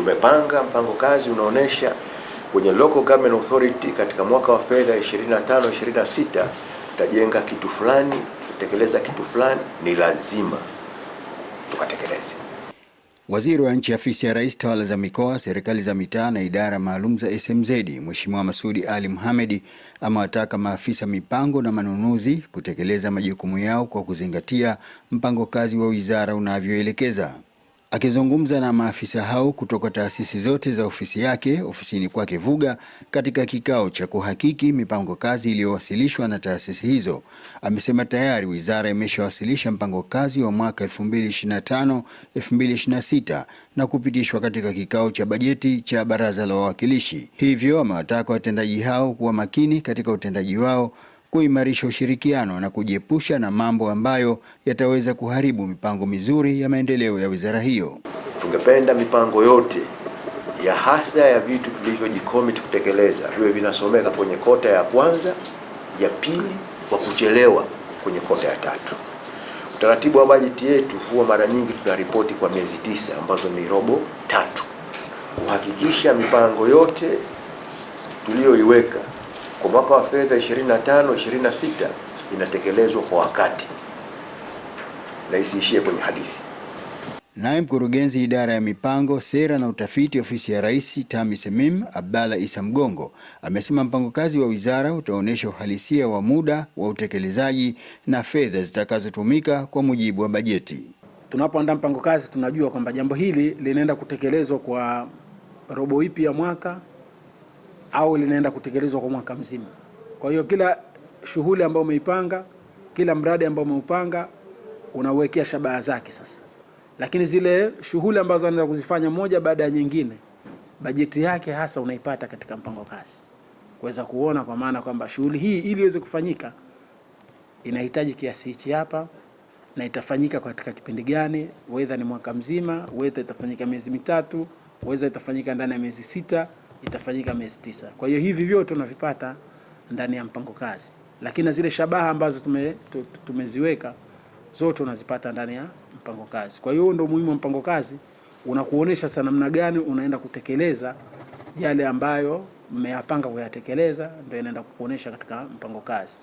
Tumepanga mpango kazi unaonesha kwenye local government authority katika mwaka wa fedha 25 26 tutajenga kitu fulani, tutatekeleza kitu fulani, ni lazima tukatekeleze. Waziri wa Nchi, Afisi ya Rais, Tawala za Mikoa, Serikali za Mitaa na Idara Maalum za SMZ, Mheshimiwa Masudi Ali Mohamed amewataka maafisa mipango na manunuzi kutekeleza majukumu yao kwa kuzingatia mpango kazi wa wizara unavyoelekeza. Akizungumza na maafisa hao kutoka taasisi zote za ofisi yake ofisini kwake Vuga, katika kikao cha kuhakiki mipango kazi iliyowasilishwa na taasisi hizo, amesema tayari wizara imeshawasilisha mpango kazi wa mwaka 2025 2026 na kupitishwa katika kikao cha bajeti cha Baraza la Wawakilishi. Hivyo amewataka watendaji hao kuwa makini katika utendaji wao kuimarisha ushirikiano na kujiepusha na mambo ambayo yataweza kuharibu mipango mizuri ya maendeleo ya wizara hiyo. Tungependa mipango yote ya hasa ya vitu tulivyojikomit kutekeleza viwe vinasomeka kwenye kota ya kwanza, ya pili, kwa kuchelewa kwenye kota ya tatu. Utaratibu wa bajeti yetu huwa mara nyingi tunaripoti kwa miezi tisa ambazo ni robo tatu, kuhakikisha mipango yote tuliyoiweka kwa mwaka wa fedha 25 26 inatekelezwa kwa wakati na isiishie kwenye hadithi. Naye mkurugenzi idara ya mipango, sera na utafiti ofisi ya Rais semim Abdalla Isa Mgongo amesema mpango kazi wa wizara utaonyesha uhalisia wa muda wa utekelezaji na fedha zitakazotumika kwa mujibu wa bajeti. Tunapoandaa mpango kazi tunajua kwamba jambo hili linaenda kutekelezwa kwa robo ipi ya mwaka au linaenda kutekelezwa kwa mwaka mzima. Kwa hiyo kila shughuli ambayo umeipanga, kila mradi ambao umeupanga unawekea shabaha zake sasa, lakini zile shughuli ambazo anaenda kuzifanya moja baada ya nyingine, bajeti yake hasa unaipata katika mpango kazi, kuweza kuona kwa maana kwamba shughuli hii ili iweze kufanyika inahitaji kiasi hichi hapa na itafanyika katika kipindi gani, wedha ni mwaka mzima, wedha itafanyika miezi mitatu, wedha itafanyika ndani ya miezi sita itafanyika miezi tisa. Kwa hiyo hivi vyote unavipata ndani ya mpango kazi, lakini na zile shabaha ambazo tume, tumeziweka zote unazipata ndani ya mpango kazi. Kwa hiyo ndio muhimu wa mpango kazi, unakuonesha sana namna gani unaenda kutekeleza yale ambayo mmeyapanga kuyatekeleza, ndio inaenda kukuonesha katika mpango kazi.